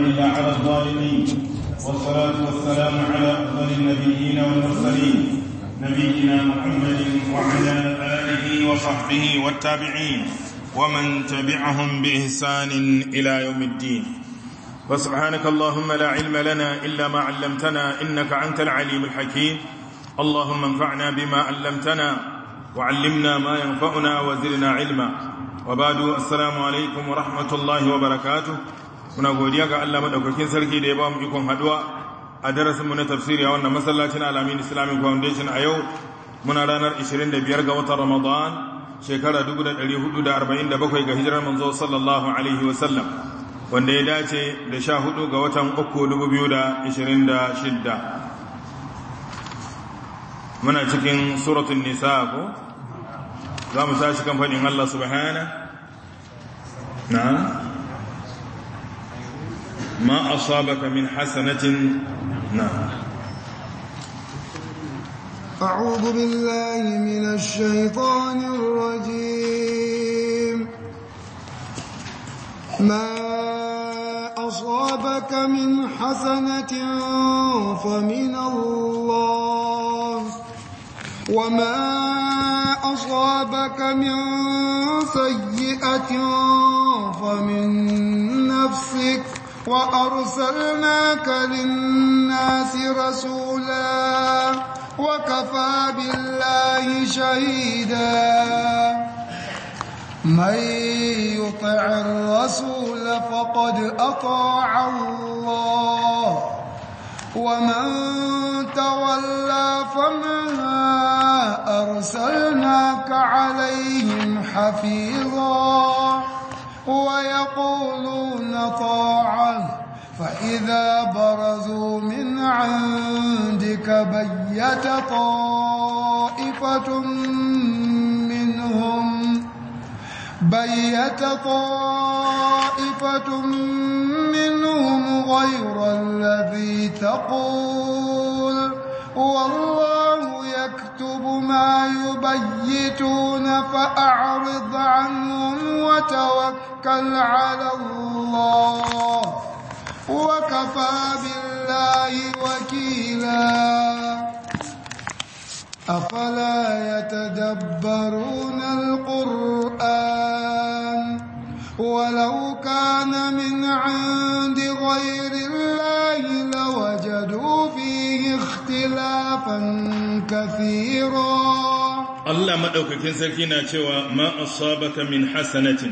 إلا على الظالمين والصلاة والسلام على أفضل النبيين والمرسلين نبينا محمد وعلى آله وصحبه والتابعين ومن تبعهم بإحسان إلى يوم الدين وسبحانك اللهم لا علم لنا إلا ما علمتنا إنك أنت العليم الحكيم اللهم انفعنا بما علمتنا وعلمنا ما ينفعنا وزدنا علما وبعد السلام عليكم ورحمة الله وبركاته muna godiya ga Allah madaukakin sarki da ya ba mu ikon haduwa a darasin mu na tafsiri a wannan masallacin Alamin Islamic Foundation a yau muna ranar 25 ga watan Ramadan shekara 1447 ga hijirar manzo sallallahu alaihi wa sallam wanda ya dace da 14 ga watan 3226 muna cikin suratul nisa ko za mu tashi kan fadin Allah subhanahu na ما أصابك من حسنة نعم أعوذ بالله من الشيطان الرجيم ما أصابك من حسنة فمن الله وما أصابك من سيئة فمن نفسك وأرسلناك للناس رسولا وكفى بالله شهيدا من يطع الرسول فقد أطاع الله ومن تولى فما أرسلناك عليهم حفيظا ويقولون طاعة فإذا برزوا من عندك بيت طائفة منهم بيت طائفة منهم غير الذي تقول والله يكتب ما يبيتون فأعرض عنهم وتوكل على الله وكفى بالله وكيلا أفلا يتدبرون القرآن ولو كان من عند غير الله لوجدوا فيه اختلافا كثيرا Allah maɗaukakin sarki na cewa ma asabaka min hasanatin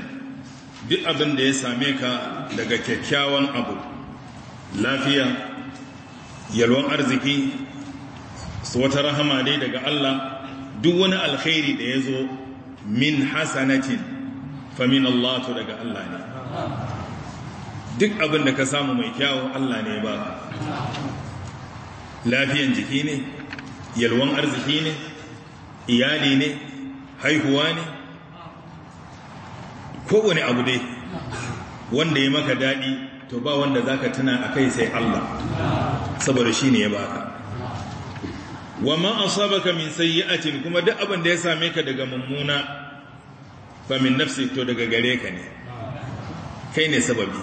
duk abin da ya same ka daga kyakkyawan abu lafiya yalwan arziki su wata rahama dai daga Allah duk wani alkhairi da ya zo min hasanatin famin Allah to daga Allah ne duk abin da ka samu mai kyawo Allah ne ba lafiyan jiki ne yalwan arziki ne iyali ne haihuwa ne kowane abu dai wanda ya maka daɗi to ba wanda za ka tuna a kai sai Allah saboda shi ne ya baka wa ma asabaka min sayyi'atin kuma duk abin da ya same ka daga mummuna famin min nafsi to daga gare ka ne kai ne sababi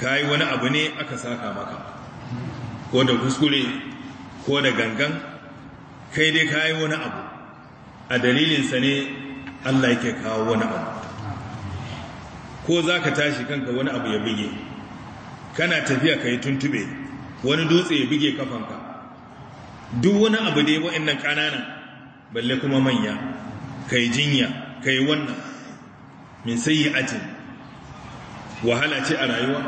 kai wani abu ne aka saka maka ko da kuskure ko da gangan kai dai kai wani abu a dalilinsa ne Allah yake kawo wani abu ko za ka tashi kanka wani abu ya buge kana tafiya ka yi tuntube wani dutse ya buge kafanka duk wani abu da ya wa'in nan ƙanana balle kuma manya ka yi jinya kai wannan min sayyi'atin wahala ce a rayuwa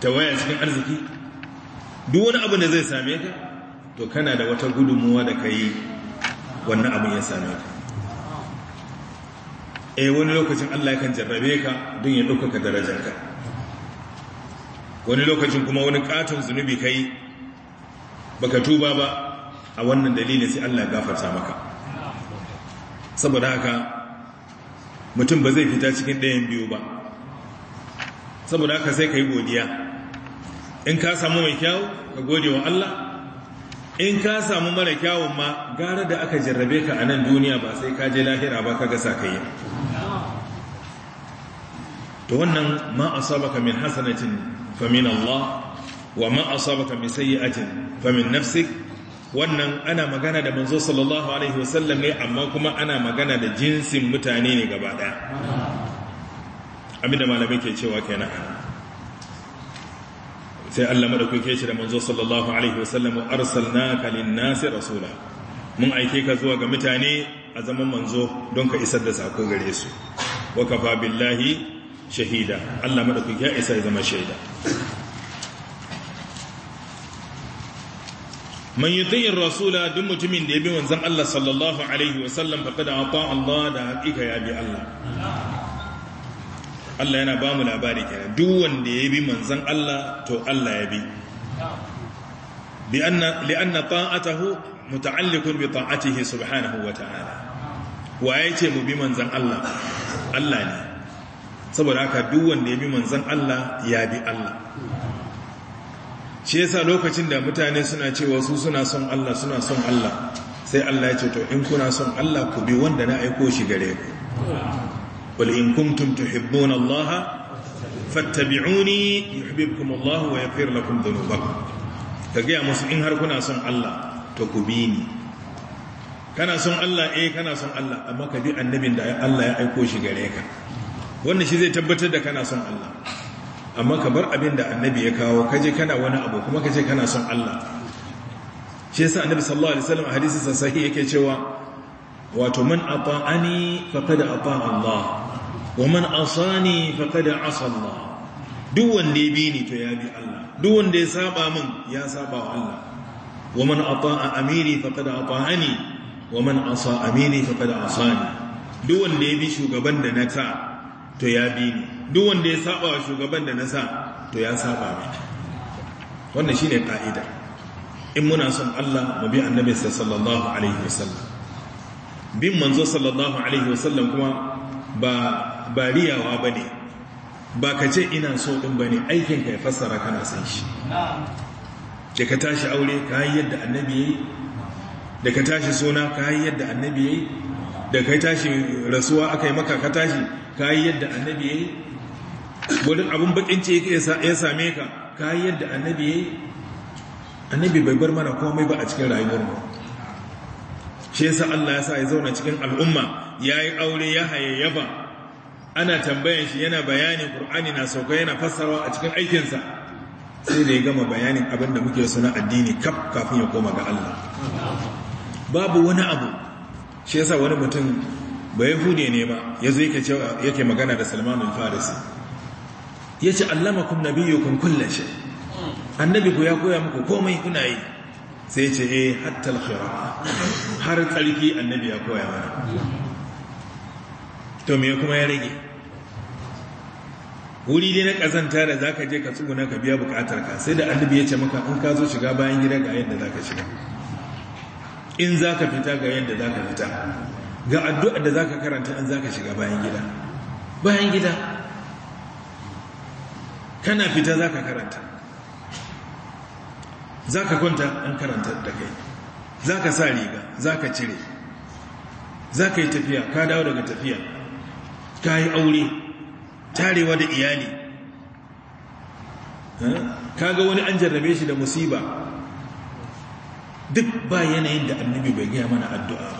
ta waya cikin arziki duk wani abu da zai same ka to kana da wata gudunmuwa da kai wannan abin ya same ka eh wani lokacin Allah kan jarrabe ka don ya ɗaukaka darajarka wani lokacin kuma wani katon zunubi kai baka tuba ba a wannan dalilin sai Allah ya gafarta maka saboda haka mutum ba zai fita cikin ɗayan biyu ba saboda haka sai ka yi godiya in ka samu mai kyawu ka gode wa Allah in ka samu mara kyawun ma gara da aka jarrabe ka a nan duniya ba sai ka je lahira ba ka gasa ka yi Ta wannan ma sabaka min hasanatin fa Allah wa ma sabaka min sayi fa min nafsik wannan ana magana da manzo sallallahu alaihi wasallam ne amma kuma ana magana da jinsin mutane ne gaba daya abinda malamai ke cewa kenan sai Allah madaukake shi da manzo sallallahu alaihi wasallam arsalnaka lin-nasi rasula mun aike ka zuwa ga mutane a zaman manzo don ka isar da sako gare su wa kafa billahi shahida Allah madaukake ya isa ya zama shaida man yuti'ir rasula duk mutumin da ya bi wanzan Allah sallallahu alaihi wa sallam faqad ata Allah da haƙiƙa ya bi Allah Allah yana ba mu labari kenan duk wanda ya bi manzon Allah to Allah ya bi bi anna li anna ta'atahu muta'alliqun bi ta'atihi subhanahu wa ta'ala waye ce mu bi manzon Allah Allah ne saboda haka duk wanda ya bi manzon Allah ya bi Allah shi yasa lokacin da mutane suna cewa su suna son Allah suna son Allah sai Allah ya ce to in kuna son Allah ku bi wanda na aiko shi gare ku wal in kuntum tuhibbuna Allah fattabi'uni yuhibbukum Allah wa yaghfir lakum dhunubakum kage ya musu in har kuna son Allah to ku bi ni kana son Allah eh kana son Allah amma ka bi annabin da Allah ya aiko shi gare ka wannan shi zai tabbatar da kana son Allah amma ka bar abin da annabi ya kawo kaje kana wani abu kuma kaje kana son Allah shi yasa annabi sallallahu alaihi wasallam a hadisi sahihi yake cewa wato man ata'ani faqad ata'a Allah wa man asani faqad asa Allah duk wanda ya bi ni to ya bi Allah duk wanda ya saba min ya saba wa Allah wa man ata'a amiri faqad ata'ani wa man asa amiri faqad asani duk wanda ya bi shugaban da na ta to ya bi ni duk wanda ya saba wa shugaban da na sa to ya saba mai wannan shi ne ƙa'ida in muna son Allah ma bi annabi sallallahu alaihi wasallam bin manzo sallallahu alaihi wasallam kuma ba ba riyawa ba ka ce ina so din ne aikin ka ya fassara kana san shi da ka tashi aure ka yi yadda annabi yi da ka tashi suna ka yi yadda annabi yi da ka tashi rasuwa aka yi maka ka tashi ka yi yadda annabi yi wurin abin bakin ce ya same ka kayan yadda annabi ya yi annabi bai bar mana komai ba a cikin rayuwar mu shi yasa Allah ya sa ya zauna cikin al'umma ya yi aure ya yaba ana tambayan shi yana bayanin Kur'ani na sauka yana fassarawa a cikin aikinsa sai da ya gama bayanin abin da muke suna addini kaf kafin ya koma ga Allah babu wani abu shi yasa wani mutum ba yahude ne ba yazo yake yake magana da Salman farisi ya ce allamakum nabiyyukum kulla shi? annabi ku ya koya muku komai kuna yi sai ya ce eh hatta alkhira har tsarki annabi ya koya mana to me kuma ya rage wuri dai na kazanta da zaka je ka tsuguna ka biya bukatar ka sai da annabi ya ce maka in ka zo shiga bayan gida ga yadda zaka shiga in zaka fita ga yadda zaka fita ga addu'a da zaka karanta in zaka shiga bayan gida bayan gida kana fita za ka karanta za ka kwanta an karanta da kai za ka sa riga za ka cire za ka yi tafiya ka dawo daga tafiya ka yi aure tarewa da iyali eh? ka ga wani an jarrabe shi da musiba duk ba yanayin da annabi bai gaya mana addu'a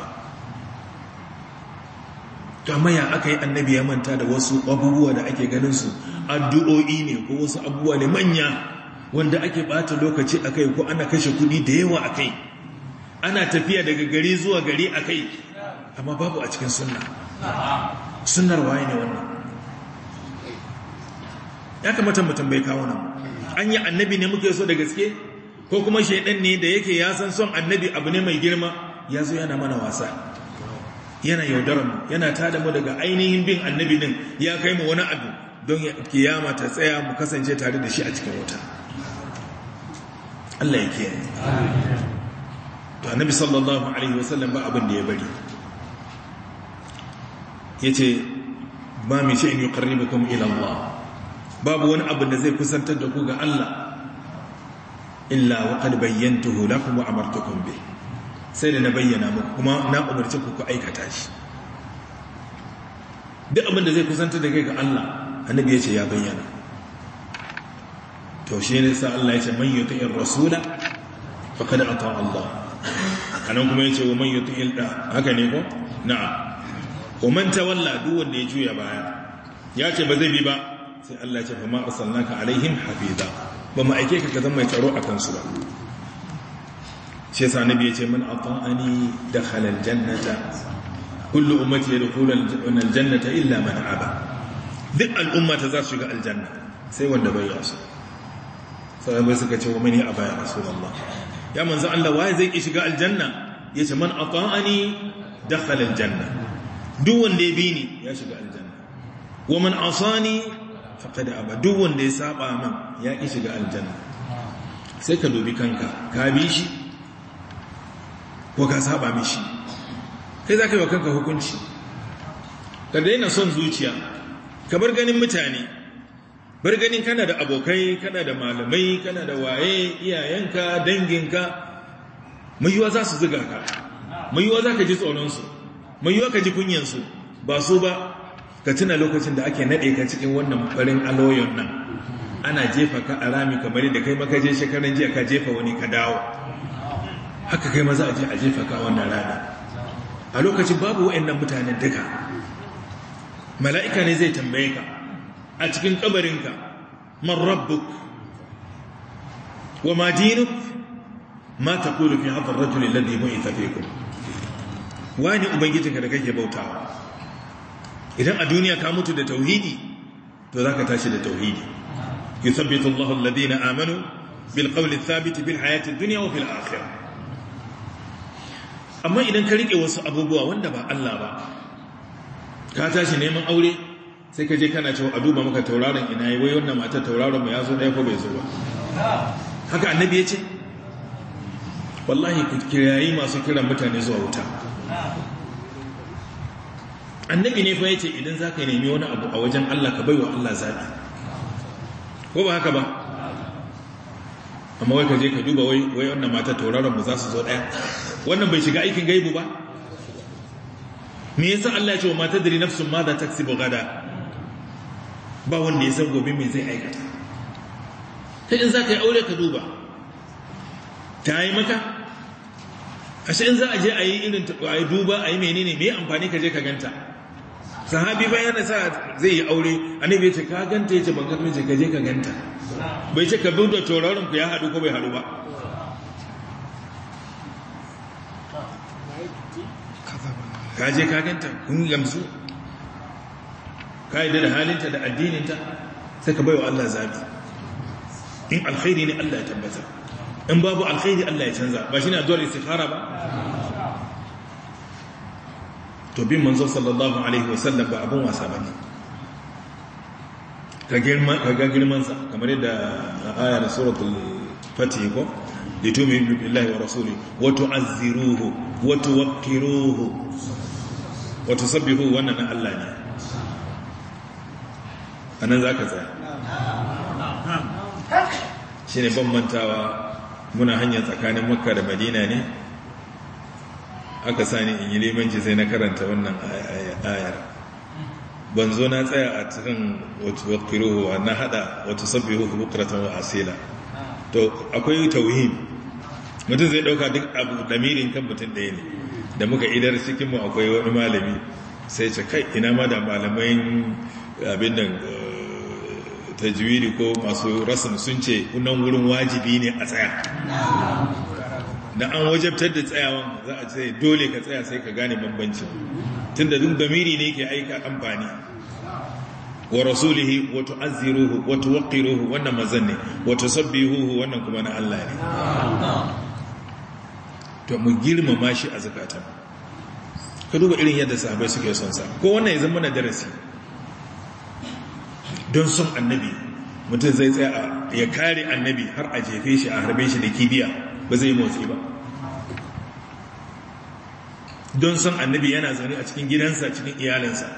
Tamaya aka yi annabi ya manta da wasu abubuwa da ake ganin su addu'o'i ne ko wasu abubuwa ne manya wanda ake bata lokaci a kai ko ana kashe kudi da yawa a kai ana tafiya daga gari zuwa gari a kai amma babu a cikin sunna sunnar waye ne wannan ya kamata mu tambayi kawo nan an yi annabi ne muke so da gaske ko kuma shaidan ne da yake ya san son annabi abu ne mai girma ya zo yana mana wasa yana yaudara mu yana tada mu daga ainihin bin annabi din ya kai mu wani abu don kiyama ta tsaya mu kasance tare da shi a cikin wuta Allah ya kiyaye to annabi sallallahu alaihi wasallam ba abin da ya bari yace ba mi in yuqarribukum ila Allah babu wani abu da zai kusantar da ku ga Allah illa wa qad bayyantuhu lakum wa amartukum bihi sai da na bayyana muku kuma na umarci ku ku aikata shi duk abin da zai kusanta da kai ga Allah annabi ya ce ya bayyana to shi ne sa Allah ya ce man yuti'ir rasula faqad ata Allah anan kuma ya ce wa man yuti'il da ah, haka ne ko na'am wa man tawalla duk wanda ya juya baya ya ce ba zai bi ba sai Allah ya ce fa ma arsalnaka alaihim hafiza ba mu aike ka ka zama mai tsaro akan su ba shi yasa annabi yace man ata'ani dakhala aljannata kullu ummati yadkhulu jannata illa mana aba duk al'ummata za su shiga aljanna sai wanda bai yaso bai suka ce wa mani aba ya rasulullah ya manzo Allah waye zai ki shiga aljanna Ya ce man ata'ani dakhala janna. duk wanda ya bi ni ya shiga aljanna wa man asani da aba duk wanda ya saba man ya ki shiga aljanna sai ka dubi kanka ka bi shi ko ka saba mishi kai za ka yi wa kanka hukunci ka daina son zuciya ka bar ganin mutane bar ganin kana da abokai kana da malamai kana da waye iyayenka danginka mayuwa za su ziga ka mayuwa za ka ji tsoronsu mayuwa ka ji kunyansu ba su ba ka tuna lokacin da ake naɗe ka cikin wannan farin aloyon nan ana jefa ka a rami kamar da kai maka je shekaran jiya ka jefa wani ka dawo haka kai maza a je a jefa ka wannan rana a lokacin babu wa'annan mutanen duka mala'ika ne zai tambaye ka a cikin kabarinka man rabbuk wa ma dinuk ma taqulu fi hadha ar-rajul alladhi bu'itha wani ubangijinka da kake bautawa idan a duniya ka mutu da tauhidi to zaka tashi da tauhidi yuthabbitu Allahu alladhina amanu bil qawli thabit fil hayati duniya dunya wa fil amma idan ka riƙe wasu abubuwa wanda ba Allah ba ka tashi neman aure sai ka je kana cewa a duba maka tauraron ina yi wai wannan matar tauraron mu ya zo ɗaya ko bai zo ba haka annabi ya ce wallahi ku masu kiran mutane zuwa wuta annabi ne fa ya ce idan za ka nemi wani abu a wajen Allah ka baiwa Allah zaɓi ko ba haka ba amma wai ka je ka duba wai wannan matar tauraron mu za su zo ɗaya wannan bai shiga aikin gaibu ba me yasa Allah ya ce wa mata dare nafsun ma za ta kasi gada ba wanda ya san gobe mai zai aikata ta in za ka yi aure ka duba ta yi maka A in za a je a yi irin a yi duba a yi menene me amfani ka je ka ganta sahabi bayan sa zai yi aure annabi ya ce ka ganta ya ce ban ganta ka je ka ganta bai ce ka bi da tauraron ku ya haɗu ko bai haɗu ba ka je ka ganta kun yamsu ka da halinta da addininta sai ka baiwa Allah zabi in alkhairi ne Allah ya tabbata in babu alkhairi Allah ya canza ba shi ne addu'ar istikhara ba to bin manzo sallallahu alaihi wasallam ba abun wasa ba ne ka sa kamar yadda ayar suratul fatih ko litumin billahi wa rasuli wa tu'azziruhu wa tuwaqqiruhu wata sabbihu wannan na Allah ne a nan za ka tsaya shi ne banbantawa muna hanyar tsakanin makka da madina ne aka sani in yi limanci sai na karanta wannan ayar ban zo na tsaya a cikin wakiluwa na hada wata sabbihu bukratan wa asila to akwai tauhim mutum zai dauka duk abu damirin kan mutum ɗaya ne da muka idar cikinmu akwai wani malami sai ce kai ina ma da malamai abin eh, ta jiwiri ko masu rasin sun ce nan wurin wajibi ne a tsaya da an wajabtar da tsayawan za a ce dole ka tsaya sai ka gane bambanci tun da duk damiri ne ke aika amfani wa rasulihi wa tu'azziruhu wa tuwaqqiruhu wannan mazan ne wa tusabbihuhu wannan kuma na Allah ne to mu girmama shi a zakatan ka duba irin yadda sahabai suke son sa ko wannan ya zama na darasi don son annabi mutum zai tsaya ya kare annabi har a jefe shi a harbe shi da kibiya ba zai motsi ba don son annabi yana zaune a cikin gidansa cikin iyalinsa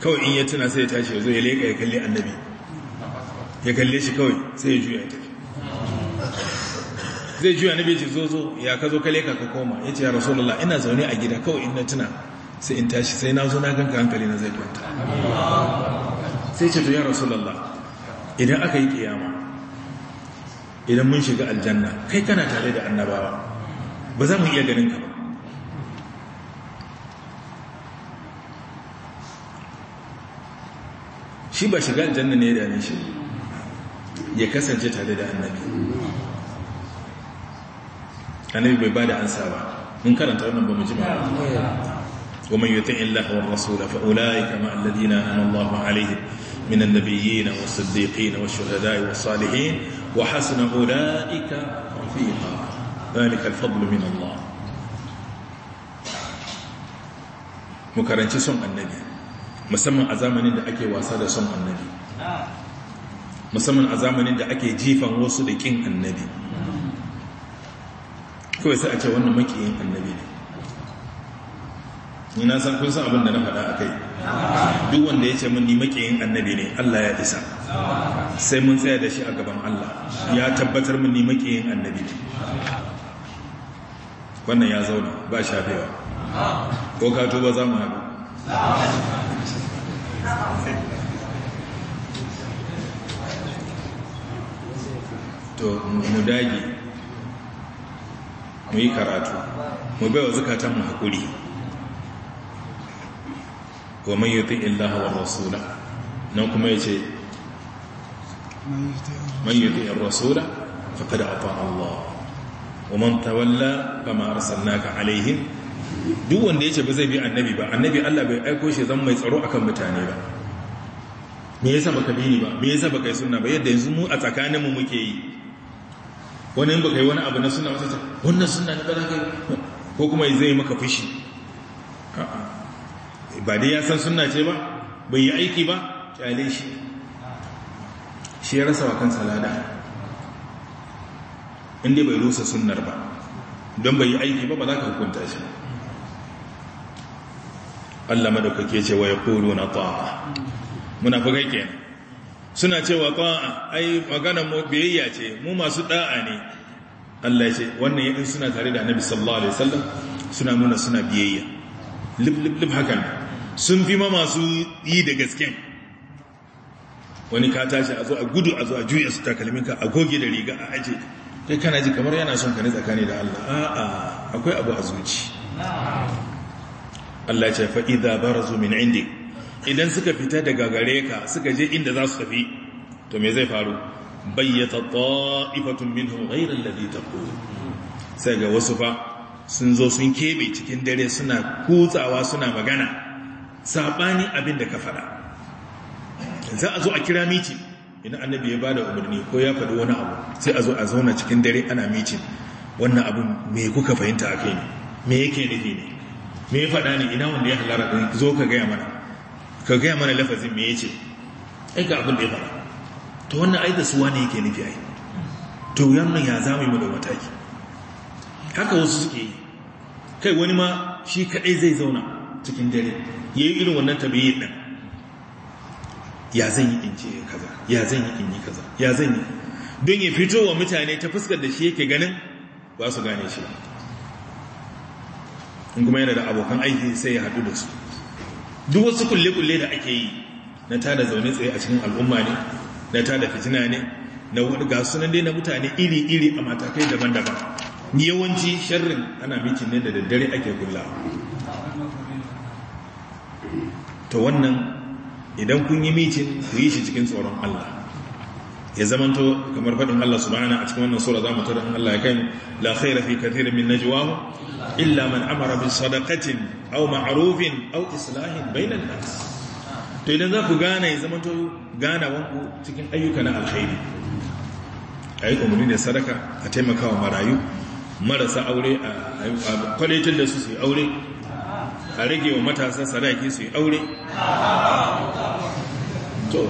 kawai in ya tuna sai ya tashi ya zo ya leƙa ya kalli annabi ya kalle shi kawai sai ya juya ya tafi zai juya na ce zo zo ya ka zo kale ka ka koma ya ce ya rasulullah ina zaune a gida kawai in na tuna sai in tashi sai na zo na ganka hankali na zai kwanta sai ce to ya rasulullah idan aka yi kiyama idan mun shiga aljanna kai kana tare da annabawa ba za mu iya ganin ka ba shi ba shiga aljanna ne da ne shi ya kasance tare da annabi annabi bai bada ansa ba mun karanta wannan ba mu ji ba ومن يطع الله والرسول فاولئك مع الذين انعم الله عليهم من النبيين والصديقين والشهداء والصالحين وحسن اولئك رفيقا ذلك الفضل Allah. Mu karanci son annabi musamman a zamanin da ake wasa da son annabi musamman a zamanin da ake jifan wasu da kin annabi kawai sai a ce wannan makiyin annabi ne ni na san kun san abin da na faɗa a kai duk wanda ya ce mun ni makiyin annabi ne Allah ya isa sai mun tsaya da shi a gaban Allah ya tabbatar min ni makiyin annabi ne wannan ya zauna ba shafewa ko ka tuba za mu haɗu to mu dage mu yi karatu mu bai wa zukatanmu haƙuri wa mai yi ti'in lahawar rasula nan kuma ya ce mai yi ti'in rasula faƙa da afa Allah wa man tawalla ba ma ka alaihi duk wanda ya ce ba zai bi annabi ba annabi Allah bai aiko shi zan mai tsaro akan mutane ba me yasa baka bi ni ba me yasa baka yi sunna ba yadda yanzu mu a tsakaninmu muke yi wani yin baka yi wani abu na suna ta wannan suna ne ba kai ko kuma zai maka fushi ba dai ya san suna ce ba bai yi aiki ba kyale shi shi ya rasa wa kan salada. inda bai rusa sunar ba don bai yi aiki ba ba za ka hukunta shi Allah madaukake ce wa ya kulu na ta'a muna fagai kenan suna cewa ta'a ai magana biyayya ce mu masu da'a ne Allah ce wannan in suna tare da Annabi sallallahu alaihi wasallam suna nuna suna biyayya lib lib lib hakan sun fi ma masu yi da gasken wani ka tashi a zo a gudu a zo a juya su takalmin ka a goge da riga a aje kai kana ji kamar yana son ka ne tsakani da Allah a'a akwai abu a zuci Allah ya ce fa idza barazu min indik idan suka fita daga gare ka suka je inda za su tafi to me zai faru bayyata ta'ifatun minhum ghayra alladhi taqulu sai ga wasu fa sun zo sun kebe cikin dare suna kutsawa suna magana sabani abin da ka faɗa za a zo a kira miti idan annabi ya bada umurni ko ya faɗi wani abu sai a zo a zauna cikin dare ana mitin wannan abu me kuka fahimta akai ne me yake nufi ne me ya faɗa ne ina wanda ya halara ɗin zo ka gaya mana ka gaya mana lafazin me yace ai abin da ya fara to wannan aida suwa ne yake nufi ai to yannan ya zama yi mu da mataki haka wasu suke yi kai wani ma shi kadai zai zauna cikin dare yayi irin wannan tabiyin din ya zan yi in ce kaza ya zan yi in yi kaza ya zan yi don ya fito wa mutane ta fuskar da shi yake ganin ba su gane shi in kuma yana da abokan aiki sai ya haɗu da su duk wasu kulle-kulle da ake yi na tada zaune tsaye a cikin al'umma ne na tada fitina ne na wani ga sunan dai na mutane iri-iri a matakai daban-daban yawanci sharrin ana mitin ne da daddare ake kulla ta wannan idan kun yi mitin ku yi shi cikin tsoron Allah ya zamanto kamar faɗin Allah subhanahu a cikin wannan sura zamu tada Allah ya kai la khaira fi kathirin min najwahum illa man amara bi sadaqatin aw ma'rufin aw islahin bainan nas to idan za ku gane ya zamanto ganawanku cikin ayyuka na alkhairi ayyuka umarni da sadaka a taimakawa marayu marasa aure a kwalitin da su su aure a rage wa matasa sadaki su aure to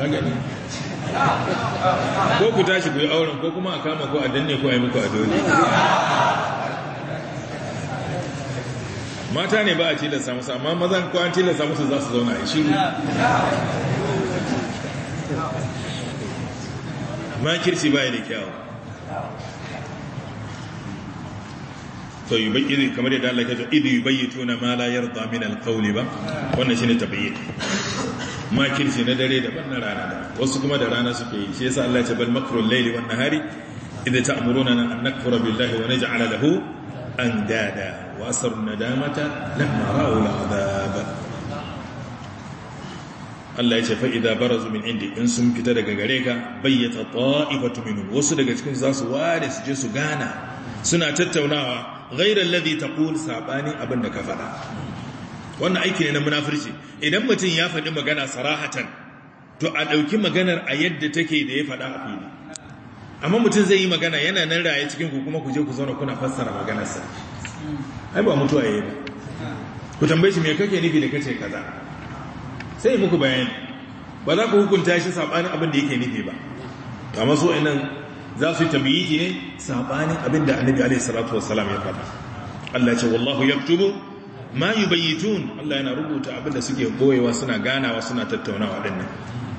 ragani ko ku tashi ku yi auren ko kuma a kama ko a danne ko a yi muku a dole mata ne ba a tilasta musu amma mazan ko an tilasta musu za su zauna a shiru makirci ba yi da kyawu to yi iri kamar yadda Allah ya ce idu yi tuna ma la yarda min ba wannan shi ne tabayyana makirci na dare daban na rana da wasu kuma da rana suke yi shi yasa Allah ya ce bal makrul layli wan nahari idza ta'muruna an nakfura billahi wa naj'ala lahu andada wa asru nadamata lamma ra'u al'adab Allah ya ce fa idza barazu min indi in sun fita daga gare ka bayyata ta'ifatu minhum wasu daga cikin za su ware su je su gana suna tattaunawa ghayra alladhi taqul sabani abinda ka faɗa wannan aiki ne na munafirci idan mutum ya faɗi magana sarahatan to a ɗauki maganar a yadda take da ya faɗa a fili amma mutum zai yi magana yana nan raye cikin ku kuma ku je ku zauna kuna fassara maganarsa ai ba mutuwa yayi ba ku tambaye shi me kake nufi da kace kaza sai muku bayani ba za ku hukunta shi sabanin abin da yake nufi ba to amma so za su tabiyi ne sabanin abin da annabi alaihi salatu wassalam ya faɗa Allah ya ce wallahu yaktubu ma yubayyitun Allah yana rubuta abinda suke boyewa suna ganawa suna tattaunawa dinnan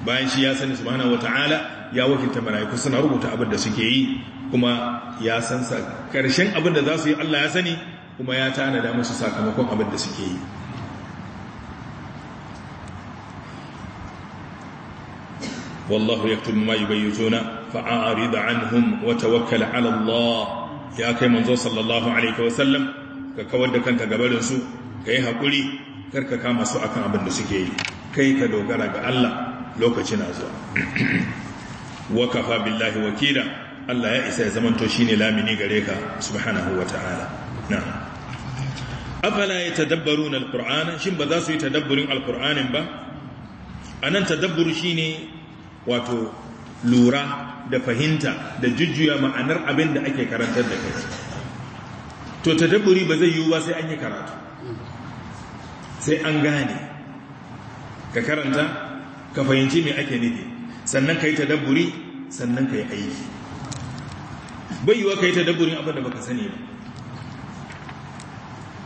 bayan shi ya sani subhanahu wataala ya wakilta malaiku suna rubuta abinda suke yi kuma ya san sa karshen abinda za su yi Allah ya sani kuma ya tanada musu sakamakon abinda suke yi والله يكتب ما يبيتون anhum عنهم وتوكل على allah ya kai manzo sallallahu alaihi wa sallam. ka kawar da kanka gabarin su ka yi haƙuri karka kama su akan abin da suke yi kai ka dogara ga Allah lokaci na zuwa wa kafa billahi wakila Allah ya isa ya zamanto ne lamini gare ka subhanahu wa ta'ala. afala ya tadabbaru na alƙur'ana shi ba za su yi tadabburin alƙur'anin ba a nan tadabbur shi ne wato lura da fahimta da jujjuya ma'anar abin da ake karantar da kai to tadaburi ba zai yiwu ba sai an yi karatu sai an gane ka karanta ka fahimci me ake nufi sannan ka yi tadabburi sannan ka yi aiki bai yiwa ka yi tadabburin abin da baka sani ba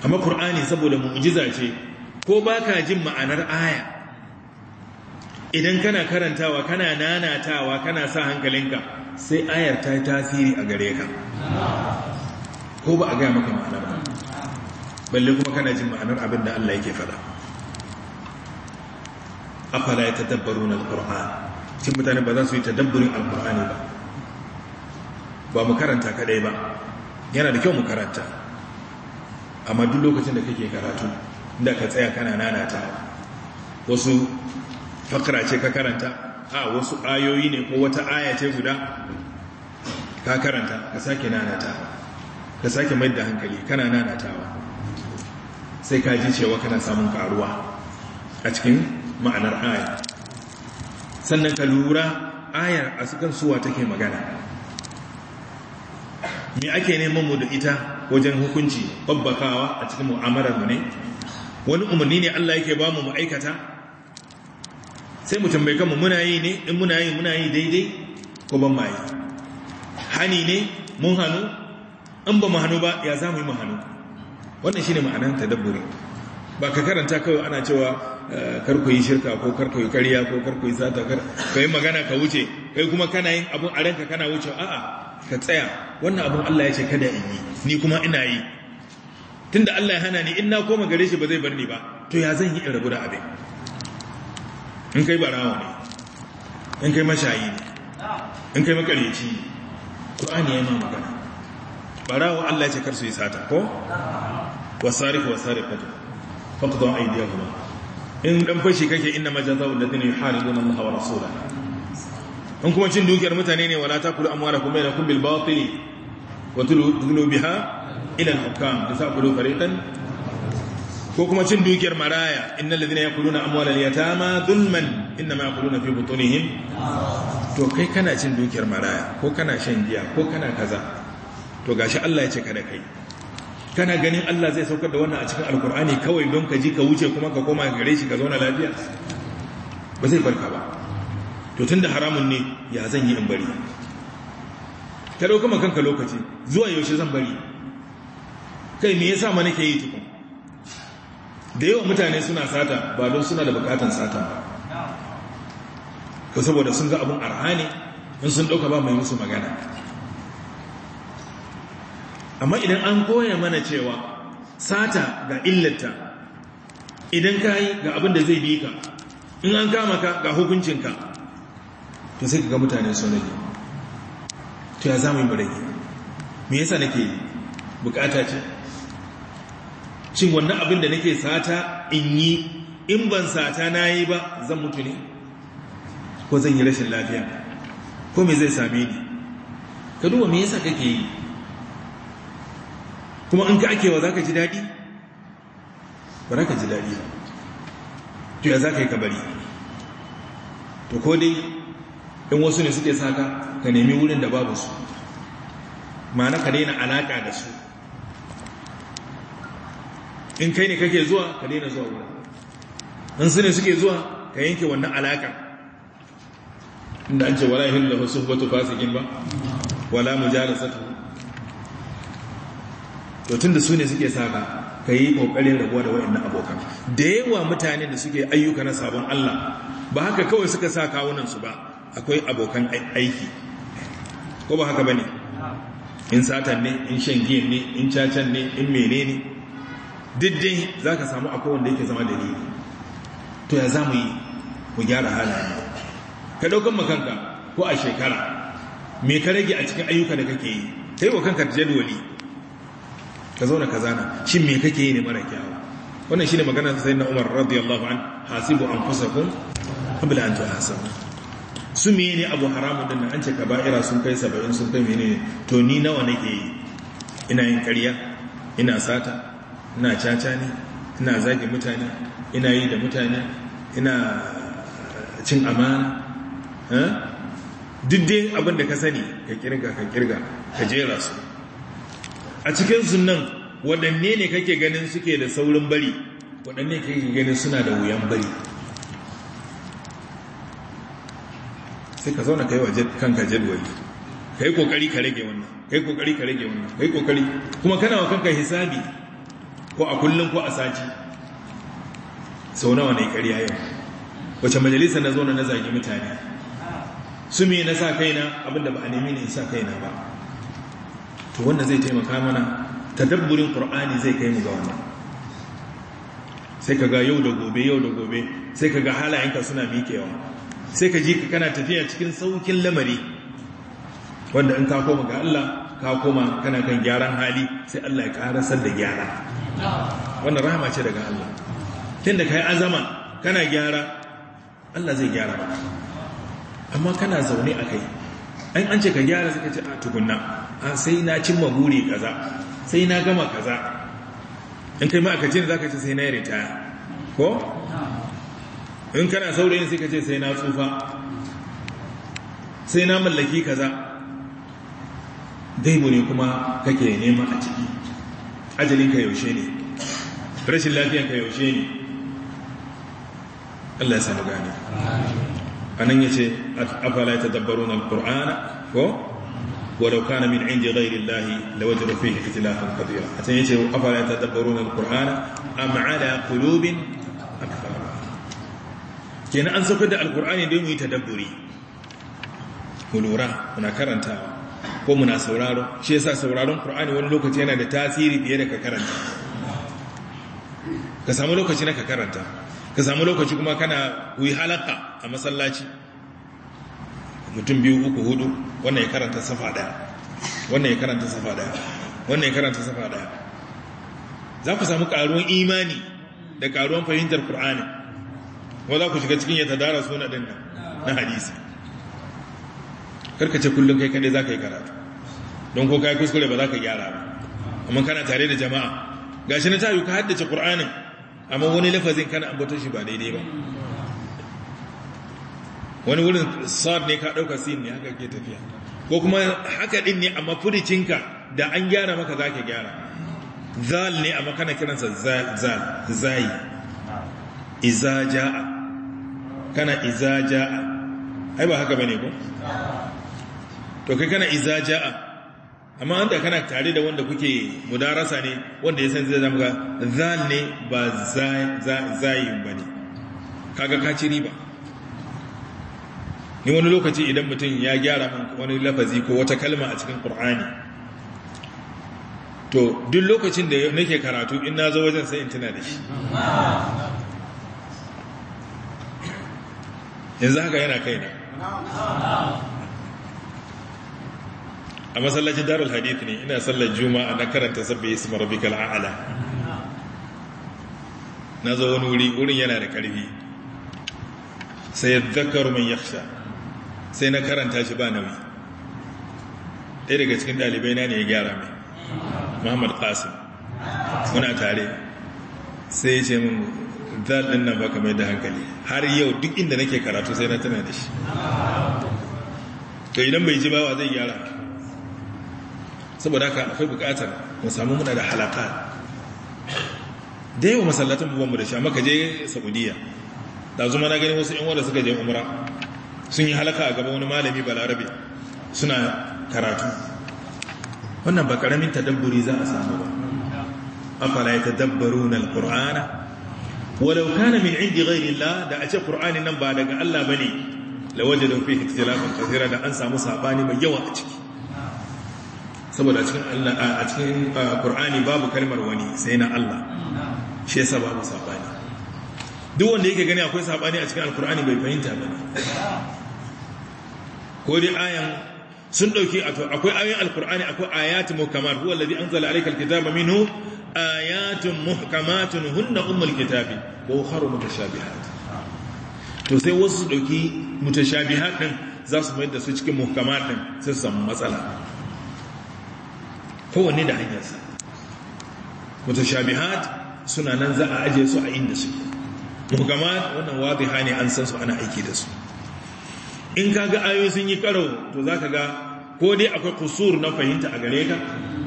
amma Kur'ani saboda mu'ujiza ce ko baka jin ma'anar aya idan kana karantawa kana nanatawa kana sa hankalinka sai ayar ta yi tasiri a gare ka ko ba a gaya maka ma'anar ba balle kuma kana jin ma'anar abin da Allah yake fada afala ya tadabbaru na alƙur'an cin mutane ba za su yi tadabburin alƙur'ani ba ba mu karanta kaɗai ba yana da kyau mu karanta amma duk lokacin da kake karatu inda ka tsaya kana nanata wasu fakara ce ka karanta a wasu ayoyi ne ko wata aya ce guda ka karanta ka sake nanata ka sake mai da hankali kana nanatawa sai ka ji cewa kana samun karuwa a cikin ma'anar aya sannan ka lura aya a sukan suwa take magana me ake neman mu da ita wajen hukunci babbakawa a cikin mu'amalar mu ne wani umarni ne Allah yake ba mu ma'aikata sai mu tambaye kanmu muna yi ne in muna yi muna yi daidai ko ban ma hani ne mun hannu in ba mu hannu ba ya za mu yi mu hannu wannan ne ma'anar tadabburi ba ka karanta kawai ana cewa eh, karko yi shirka ko karko yi karya ko karko yi sata ka yi magana ka wuce kai kuma kana yin abun a ranka kana wuce a'a ka tsaya wannan abun Allah ya ce kada in yi ni kuma ina yi tunda Allah ya hana ni in na koma gare shi ba zai bar ni ba to ya zan yi in rabu da abin in kai barawa ne in kai mashayi ne in kai makareci ne Qur'ani ya yi magana barawo Allah ya ce kar su yi sata ko wasariku wasariqatu faqdu kuma? in ɗan fashi kake inna majazaa'u alladhina yuharibuna Allah wa da. in kuma cin dukiyar mutane ne wala ta taqulu amwalakum bainakum bil batili wa tudlu biha ila al hukam tasaqulu fariqan ko kuma cin dukiyar maraya na ya innal ladhina yaquluna amwalal yatama dhulman inma na fi butunihim to kai kana cin dukiyar maraya ko kana shan giya ko kana kaza to gashi Allah ya ce kada kai kana ganin Allah zai saukar da wannan a cikin alkur'ani kawai don ka ji ka wuce kuma ka koma gare shi ka zauna lafiya ba zai barka ba to tunda haramun ne ya zan yi in bari ka dauka kanka lokaci zuwa yaushe zan bari kai me yasa ma nake yi tukun da yawa mutane suna sata ba don suna da bukatan sata ba ko saboda sun ga abun arhani in sun dauka ba mai musu magana amma idan an koya mana cewa sata ga illata idan ka yi ga abin da zai bi ka in an kama ka ga hukuncinka to sai ka ga mutane sun rage to ya za mu yi rage me yasa nake bukata ce cin wannan abin da nake sata in yi in ban sata na yi ba zan mutu ne ko zan yi rashin lafiya ko me zai same ni ka duba me yasa kake yi kuma in ka ake wa za ka ji daɗi ba za ka ji daɗi ba to ya za ka yi kabari to ko dai in wasu ne suke saka ka nemi wurin da babu su ma'ana ka daina alaƙa da su in kai ne kake zuwa ka daina zuwa wurin in su ne suke zuwa ka yanke wannan alaƙa inda an ce wala hin da wasu wata fasikin ba wala mujalasatu to da su ne suke saka ka yi ƙoƙarin rabuwa da waɗannan abokan da yawa mutane da suke ayyuka na sabon Allah ba haka kawai suka sa kawunansu ba akwai abokan aiki ko ba haka ba ne in satan ne in shan giyan ne in cacan ne in mene ne diddin za ka samu akwai wanda yake zama dalili to ya za mu yi mu gyara halaye ka ɗaukan makanka ko a shekara me ka rage a cikin ayyuka da kake yi ta yi wa kanka jadwali ka zauna ka zana shin me kake yi ne mara kyawa wannan shi ne magana ta na Umar radiyallahu an hasibu kun qabla an tuhasabu su me ne abu haramun dinna an ce kaba'ira sun kai 70 sun kai mene to ni nawa nake yi ina yin karya, ina sata ina caca ne ina zage mutane ina yi da mutane ina cin amana eh? duk dai abin da ka sani ka kirga ka kirga ka jera su a cikin sunan waɗanne ne kake ganin suke da saurin bari waɗanne kake ganin suna da wuyan bari sai ka zauna kai waje kanka jadwali kai kokari ka rage wannan kai kokari ka rage wannan kai kokari kuma kana wa kanka hisabi ko a kullum ko a sati sau nawa ne kariya yau wace majalisa na zauna na zagi mutane su me na sa kaina abinda ba a nemi ne sa kaina ba to wannan zai taimaka mana tadabburin qur'ani zai kai mu ga wannan sai ka ga yau da gobe yau da gobe sai ka ga halayenka suna miƙewa sai ka ji ka kana tafiya cikin saukin lamari wanda in ka koma ga Allah ka koma kana kan gyaran hali sai Allah ya karasar da gyara wannan rahama ce daga Allah tunda kai azama kana gyara Allah zai gyara amma kana zaune akai an an ce ka gyara suka ce a tukunna Ah, sai na cimma buri kaza sai na gama kaza in kai ma aka ce za ka ce sai na yi ritaya ko? in kana saurayin sai ka ce sai na tsufa sai na mallaki kaza daibu ne kuma kake nema a ciki ajalinka yaushe ne rashin lafiyanka yaushe ne Allah ya sami gani a nan ya ce afala ta dabbaru na ko? ولو كان من عند غير الله لوجدوا فيه اختلافا كثيرا اتيتوا افلا يتدبرون القران ام على قلوب اكثر كان ان سكد القران دي مو يتدبري انا قرانتا ko muna sauraro shi yasa sauraron Qur'ani wani lokaci yana da tasiri biye da ka karanta ka samu lokaci na ka karanta ka samu lokaci kuma kana wi halaka a masallaci mutum biyu uku hudu wannan ya karanta safa daya wannan ya karanta safa daya wannan ya karanta safa daya za ku samu karuwan imani da karuwan fahimtar qur'ani ko za ku shiga cikin ya tadara suna din nan na hadisi karkace kullum kai kadai za ka yi karatu don ko kai kuskure ba za ka gyara ba amma kana tare da jama'a gashi na tayu ka haddace qur'anin amma wani lafazin kana ambaton shi ba daidai ba wani wurin sad ne ka ɗauka sin ne haka ke tafiya ko kuma haka ɗin ne amma fudicinka da an gyara maka za ka gyara zal ne amma kana kiransa zal zayi iza ja'a kana iza ja'a ai ba haka ba ne ko to kai kana iza ja'a amma an da kana tare da wanda kuke mudarasa ne wanda ya san zai zama ga zal ne ba zayin ba ne kaga ka ci riba ni wani lokaci idan mutum ya gyara min wani lafazi ko wata kalma a cikin qur'ani to duk lokacin da nake karatu in na zo wajen sai in tuna da shi yanzu haka yana kaina a masallacin darul hadith ne ina sallar juma'a na karanta sabbi isma rabbikal a'la na zo wani wuri wurin yana da karfi sai ya zakaru mai yaksha sai na karanta shi ba nauyi ɗaya daga cikin ɗalibai na ne ya gyara mai muhammad qasim muna tare sai ya ce mun zaɗin nan baka mai da hankali har yau duk inda nake karatu sai na tana da shi to idan bai ji bawa zai gyara saboda haka akwai buƙatar mu samu muna da halaka da yawa masallatin buwanmu da sha maka je saudiya da zuma na gani wasu 'yan wadda suka je umra sun yi halaka a gaba wani malami balarabe suna karatu wannan ba karamin tadabburi za a samu ba afala ya tadabbaru na alƙur'ana walau kana min indi ghairillah da a ce ƙur'anin nan ba daga Allah ba ne lawaje don fi ikhtilafin kasira da an samu sabani mai yawa a ciki saboda a cikin ƙur'ani babu kalmar wani sai na Allah shi yasa babu sabani duk wanda yake gani akwai sabani a cikin alkur'ani bai fahimta ba ne ko dai ayan sun dauki akwai ayoyin alqur'ani akwai ayatun muhkamat huwa allazi anzala alayka alkitaba minhu ayatun muhkamatun hunna ummul kitabi wa ukharu mutashabihat to sai wasu su dauki mutashabihat din za su mayar da su cikin muhkamat din sai su samu matsala kowanne da hanyarsa mutashabihat suna nan za a aje su a inda su muhkamat wannan wadiha ne an san su ana aiki da su in ka ga ayoyi sun yi karo to za ka ga ko dai akwai kusur na fahimta a gare ka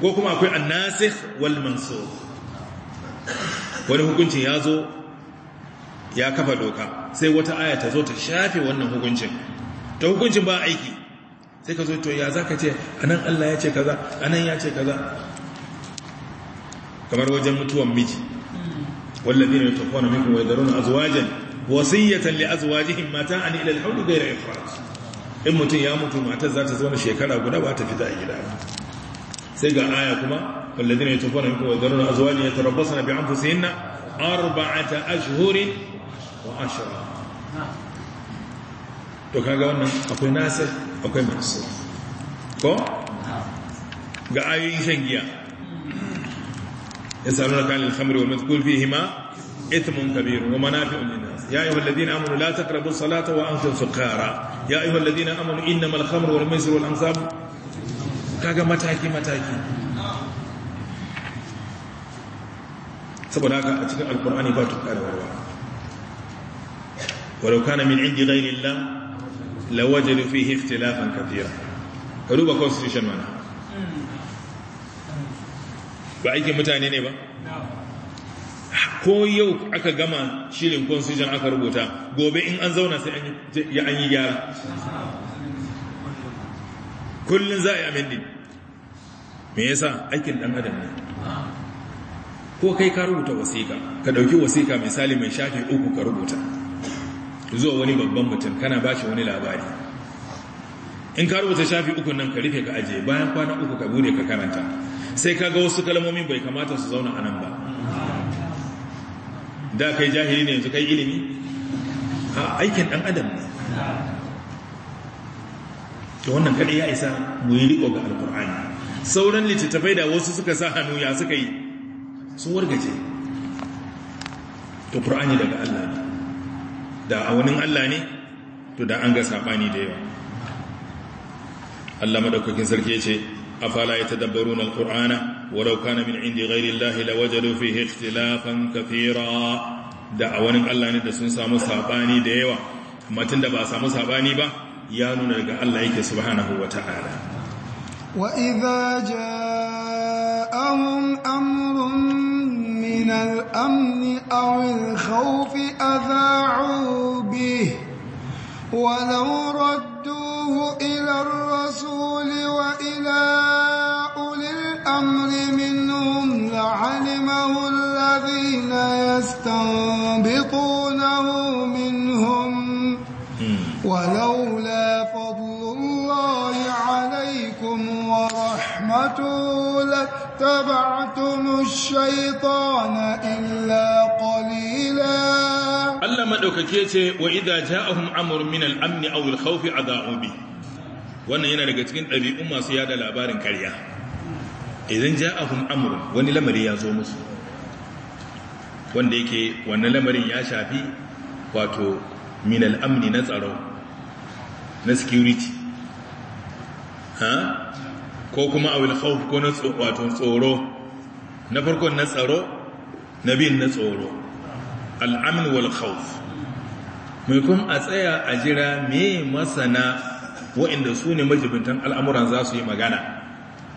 ko kuma akwai annasikh wal mansur wani hukuncin ya zo ya kafa doka sai wata aya ta zo ta shafe wannan hukuncin ta hukuncin ba aiki sai ka zo to ya za ka ce anan Allah ya ce kaza anan ya ce kaza kamar wajen mutuwan miji hmm. wallazina yatafawana minkum wa yadruna azwajan wasiyatan li azwajihim mata'an ila al-hawl ghayra ikhraj in mutun ya mutu matar za ta zauna shekara guda ba ta fita a gida sai ga aya kuma walladina yatufuna minkum wa dharuna azwajan yatarabbasna bi anfusihinna arba'ata ashhurin wa ashra to kaga wannan akwai nasir akwai mansur ko ga ayoyin shan giya yasaluna kan al-khamri wal madkhul fihi ma ithmun kabir wa manafi'un يا أيها الذين آمنوا لا تقربوا الصلاة وأنتم سكارى يا أيها الذين آمنوا إنما الخمر والميسر والأنصاب كاغا متاكي متاكي saboda haka a cikin alkur'ani ba tukka da warwa walau kana min indi ghairillah lawajadu fihi ikhtilafan kathira ka duba constitution mana ba mutane ne ba ko yau aka gama shirin constitution aka rubuta gobe in an zauna sai an yi gyara kullum za a yi amendin me yasa aikin dan adam ne ko kai ka rubuta wasiƙa ka ɗauki wasiƙa misali mai shafi uku ka rubuta zuwa wani babban mutum kana ba shi wani labari in ka rubuta shafi uku nan ka rufe ka ajiye bayan kwana uku ka bude ka karanta sai ka ga wasu kalmomin bai kamata su zauna anan ba da kai jahili ne yanzu kai ilimi a aikin dan adam ne to wannan kada ya isa mu yi riko ga alkur'ani sauran littattafai da wasu suka sa hannu ya suka yi sun wargaje to qur'ani daga Allah ne da a wani Allah ne to da an ga sabani da yawa Allah madaukakin sarki yace afala yatadabbaruna alqur'ana ولو كان من عند غير الله لوجدوا فيه اختلافا كثيرا دعوان الله ne da sun samu sabani da yawa kuma da ba samu sabani ba ya nuna daga Allah yake subhanahu wataala wa idza ja'ahum amrun min al-amn aw al-khawf adha'u bihi wa law radduhu ila ar-rasul wa ila اتبعتوا لاتبعتم الشيطان إلا قليلا Allah maɗaukake ce wa idha ja'ahum amrun min al-amn aw al-khawf adha'u bi wannan yana daga cikin ɗabi'un masu yada labarin karya. idan ja'ahum amrun wani lamari ya zo musu wanda yake wannan lamarin ya shafi wato min al na tsaro na security ko kuma awil khawf ko na tsoro na farkon na tsaro na biyun na tsoro al'amin wal khawf mai kun a tsaya a jira me masana wa'inda su ne majibintan al'amuran za su yi magana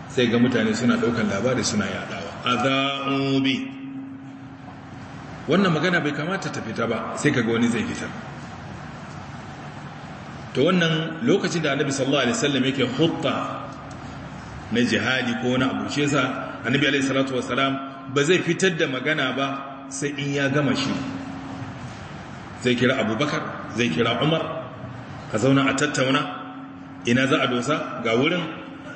sai ga mutane suna ɗaukan labari suna yaɗawa a za'ubi wannan magana bai kamata ta fita ba sai kaga wani zai fita to wannan lokacin da annabi sallallahu alaihi wasallam yake hutta na jihadi ko wani abu shi yasa annabi alaihi salatu wassalam ba zai fitar da magana ba sai in ya gama shi zai kira abubakar zai kira umar a zauna a tattauna ina za a dosa ga wurin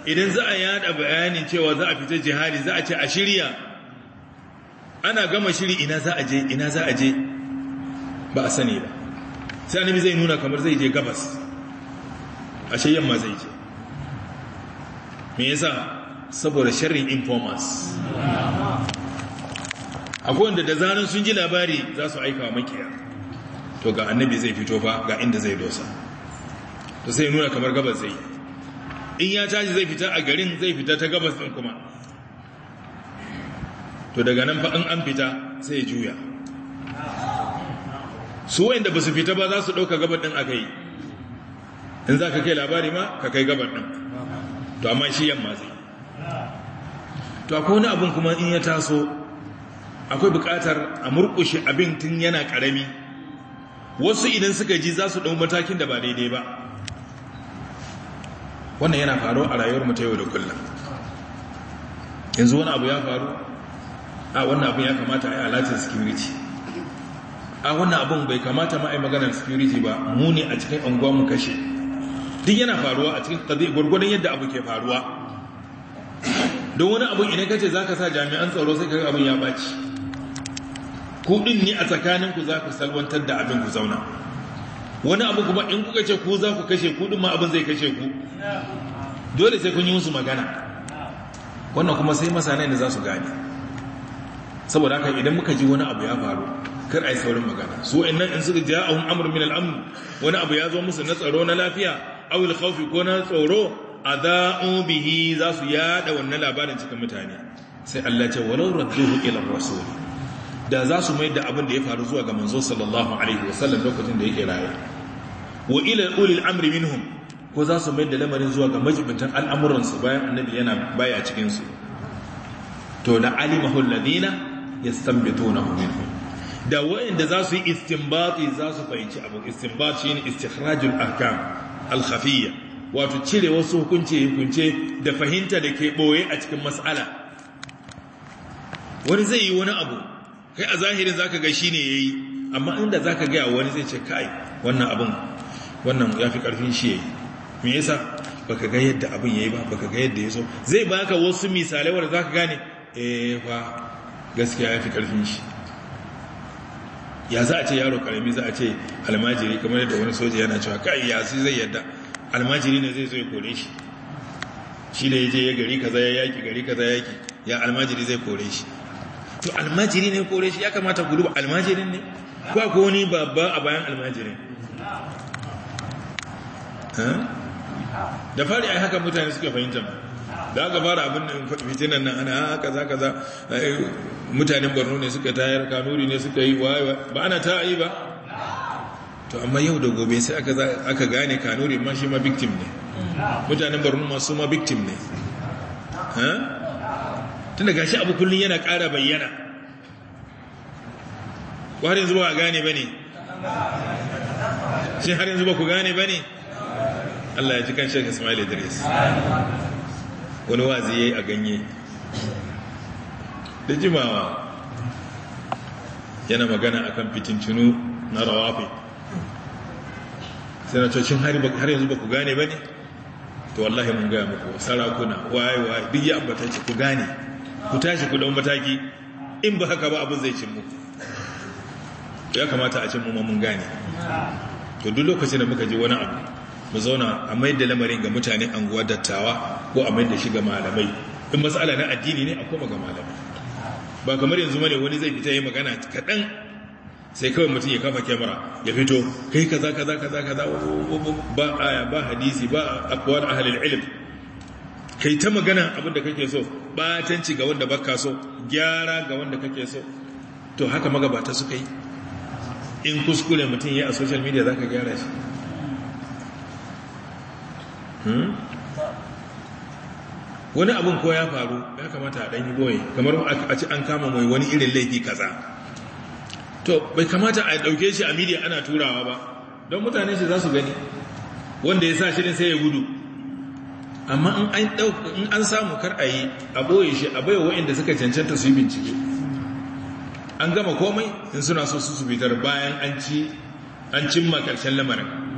idan za a yada bayanin cewa za a fita jihadi za a ce a shirya ana gama shiri ina za a je ina za a je ba a sani ba sai annabi zai nuna kamar zai je gabas ashe yamma zai je me yasa saboda sharrin informers akwai wanda da zanen sun ji labari za su aika wa makiya to ga annabi zai fito fa ga inda zai dosa to sai nuna kamar gabas zai in ya taji zai fita a garin zai fita ta gabas din kuma to daga nan fa in an fita sai juya su da ba su fita ba za su ɗauka gabas din a kai in za ka kai labari ma ka kai gabas din. to amma shi yamma zai to akwai wani abin kuma in ya taso akwai bukatar a murkushe abin tun yana karami wasu idan suka ji za su ɗau matakin da ba daidai ba wannan yana faru a rayuwar mu ta yau da kullum yanzu wani abu ya faru a wannan abin ya kamata a yi alatin security a wannan abin bai kamata ma'ai a yi maganar security ba mu ne a cikin unguwa mu kashe duk yana faruwa a cikin kazi gwargwadon yadda abu ke faruwa don wani abu idan kace ka sa jami'an tsaro sai kaga abin ya baci ku din ne a tsakanin ku ku salwantar da abin ku zauna wani abu kuma in kuka ce ku za ku kashe ku din ma abin zai kashe ku dole sai kun yi musu magana wannan kuma sai masana ne za su gane saboda haka idan muka ji wani abu ya faru kar a yi saurin magana su wa'annan in suka ja'a ya'ahun amr min al'amur wani abu ya zo musu na tsaro na lafiya awil khawfi ko na tsoro adaa bihi za su yada wannan labarin cikin mutane sai Allah ce walau radduhu ila rasul da za su mai da abin da ya faru zuwa ga manzo sallallahu alaihi wasallam lokacin da yake raye wa ila ulil amri minhum ko za su mai da lamarin zuwa ga majibantan al'amuransu bayan annabi yana baya cikin su to la alimahu alladhina yastanbitunahu minhum da wayanda za su yi istinbati za su fahimci abu istinbat shine istikhrajul ahkam alkhafiyya wato cire wasu hukunce hukunce da fahimta da ke boye a cikin mas'ala wani zai yi wani abu kai a zahirin zaka ga shine yayi amma inda zaka ga wani zai ce kai wannan abun wannan yafi karfin shi yayi me yasa baka ga yadda abun yayi ba baka ga yadda yaso zai baka wasu misalai wanda zaka gane eh fa gaskiya yafi karfin shi ya za a ce yaro karami za a ce almajiri kamar yadda wani soja yana cewa kai ya su zai yadda almajiri ne zai zo ya kore shi shi da ya je ya gari kaza ya yaki gari kaza ya yaki ya almajiri zai kore shi to almajiri ne kore shi ya kamata gudu ba almajirin ne ko ko ni babba a bayan almajirin da fari yi haka mutane suke fahimta za ka fara abin da fitinan nan ana haka ah, za ka za mutanen barno ne suka tayar kanuri ne suka yi wa ba ana ta yi ba to amma yau da gobe sai aka gane kanuri ma shi ma victim ne mutanen barno masu ma victim ne tunda gashi abu kullum yana ƙara bayyana ko har yanzu ba a gane ba ne shi har yanzu ba ku gane ba ne Allah ya ji kan shekha Ismail Idris wani wazi ya yi a ganye da jimawa yana magana akan fitintunu na rawafi sanatocin har yanzu ba ku gane ba ne to wallahi mun gaya muku sarakuna wayewaye duk yi ambatacci ku gane ku tashi ku don mataki in ba haka ba abin zai cin mu ya kamata a cin mu ma mun gane to duk lokacin da muka ji wani abu mu zauna a mai da lamarin ga mutane guwa dattawa ko a mai da shi ga malamai in matsala na addini ne a koma ga malamai ba kamar yanzu mane wani zai fita yi magana kaɗan sai kawai mutum ya kafa kyamara ya fito kai kaza kaza kaza kaza ba aya ba hadisi ba akwai ahalil ilim kai ta magana abin da kake so batanci ga wanda baka so gyara ga wanda kake so to haka magabata suka yi in kuskure mutum ya a social media ka gyara shi Hmm? wani abin ko ya faru ya kamata a ɗanyi boye kamar a ci an kama mai wani irin laifi kaza to bai kamata a ɗauke shi a midiya ana turawa ba don mutane shi za su gani wanda ya sa shirin sai ya gudu amma in an samu kar a yi a boye shi a baiwa waɗanda suka cancanta su yi bincike an gama komai in suna so su su fitar bayan an cimma ƙarshen lamarin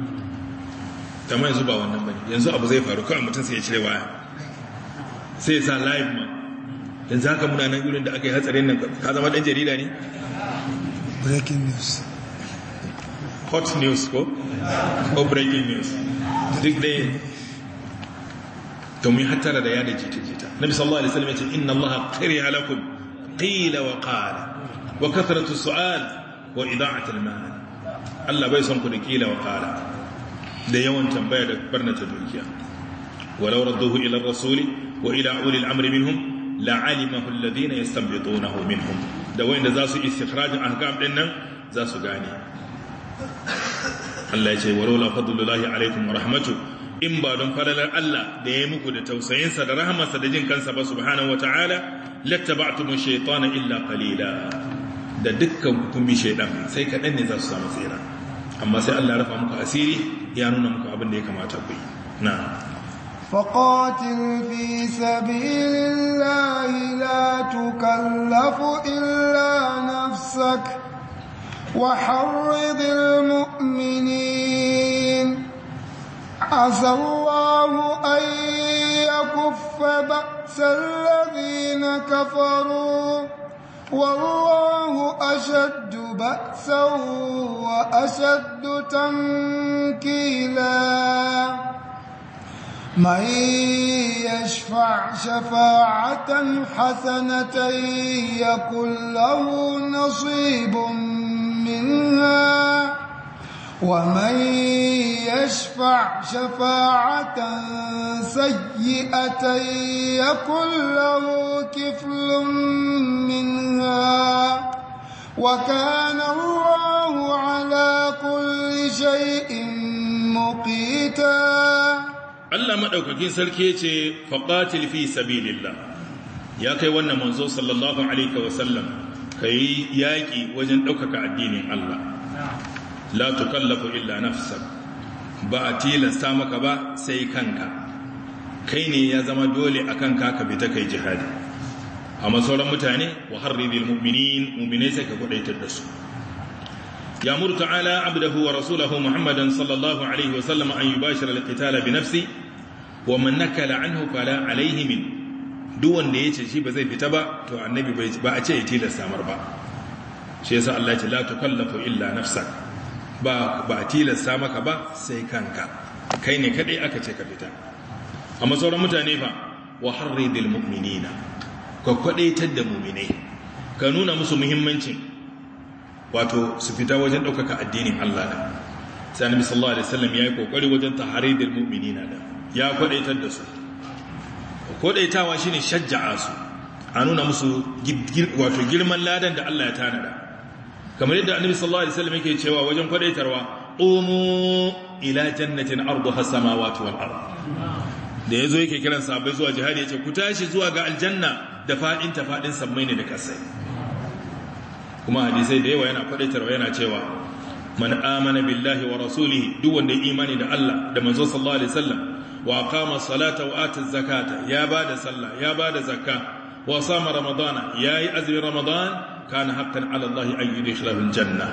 amma yanzu ba wannan bane yanzu abu zai faru kawai mutum sai ya cire waya sai ya sa live ma yanzu haka muna nan irin da aka yi hatsarin nan ka zama dan jarida ne breaking news hot news ko ko breaking news duk dai domin hattara da yada jita-jita nabi sallallahu alaihi wasallam ya ce inna allaha qari'a lakum qila wa qala wa kathratu su'al wa ida'atul mal Allah bai son ku da qila wa qala da yawan tambaya da barnata dukiya walau radduhu ila rasuli wa ila ulil amri minhum la'alimahu alladhina yastanbitunahu minhum da wanda za su istikhrajin ahkam din nan za su gane Allah ya ce walau la fadlullahi alaikum wa rahmatu in ba don falalar Allah da ya muku da tausayinsa da rahamarsa da jin kansa ba subhanahu wata'ala lattaba'tumu shaytana illa qalila da dukkan hukumi shaydan sai kadan ne za su samu tsira amma sai Allah rafa muku asiri ya nuna muku abin da ya kamata ku yi na faqatil fi sabilillahi la tukallafu illa nafsak wa harridil mu'minin asallahu an yakuffa ba'sa alladhina kafaroo والله أشد بأسا وأشد تنكيلا من يشفع شفاعة حسنة يكن له نصيب منها ومن يشفع شفاعة سيئة يكن له كفل منها وكان الله على كل شيء مقيتا Allah maɗaukakin sarki ce faƙatil fi sabilillah ya kai wannan manzo sallallahu alaihi wasallam kai yaƙi wajen ɗaukaka addinin Allah la tukallafu illa nafsak ba a tilasta maka ba sai kanka kai ne ya zama dole a kanka ka bi ta kai jihadi amma sauran mutane wa harribil mu'minin mu'minai sai ka kudaitar da su ya muru ta'ala abdahu wa rasulahu muhammadan sallallahu alaihi wa sallam an yubashira alqitala bi nafsi wa man nakala anhu fala alaihi min duk wanda ya ce shi ba zai fita ba to annabi ba a ce ya tilasta mar ba shi yasa Allah ya ce la tukallafu illa nafsak ba a tilasta maka ba sai kanka kai ne kadai aka ce ka fita amma sauran mutane fa wa harridil mu'minina ka kwadaitar da mu'minai ka nuna musu muhimmancin wato su fita wajen ɗaukaka addinin Allah da sai annabi sallallahu alaihi wasallam yayi kokari wajen tahridil mu'minina da ya kwadaitar da su kwadaitawa shine shajja'a su a nuna musu wato girman ladan da Allah ya tanada kamar yadda annabi sallallahu alaihi wasallam yake cewa wajen kwadaitarwa qumu ila jannatin arduha samawati wal ard da yazo yake kiran sahabbai zuwa jihadi yace ku tashi zuwa ga aljanna da fadin ta fadin ne da kasai kuma hadisai da yawa yana kwadaitarwa yana cewa man amana billahi wa rasulihi duk wanda ya imani da Allah da manzo sallallahu alaihi wasallam wa aqama salata wa ata zakata ya bada sallah ya bada zakka wa sama ramadana yayi azumin ramadan kana haqqan ala Allah an yudkhilahu aljanna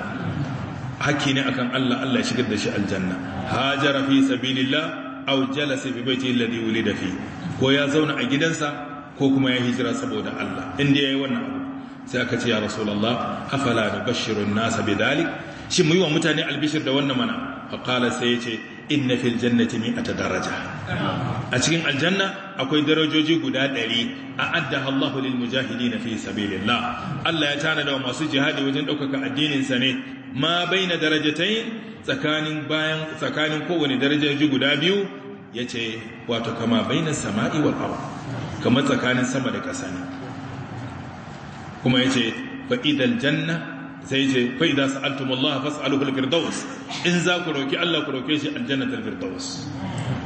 hakki ne akan Allah Allah ya shigar da shi aljanna hajara fi sabilillah aw jalasa bi baiti alladhi wulida fi ko ya zauna a gidansa ko kuma ya hijira saboda Allah inda yayi wannan abu sai aka ce ya rasulullah afala nubashshirun nasa bidhalik shin mu yi wa mutane albishir da wannan mana fa sai ya ce inna fil jannati mi'ata daraja a cikin aljanna akwai darajoji guda ɗari a adda Allahu lil mujahidin fi sabilillah Allah ya tana da masu jihadi wajen ɗaukaka addinin sa ne ma baina darajatai tsakanin bayan tsakanin kowane darajoji guda biyu yace wato kama baina sama'i wal ard Kama tsakanin sama da ƙasa ne kuma yace fa idal janna sai ce fa idza sa'altum Allah fas'aluhu al-firdaus in za ku roki Allah ku roke shi aljannatul firdaus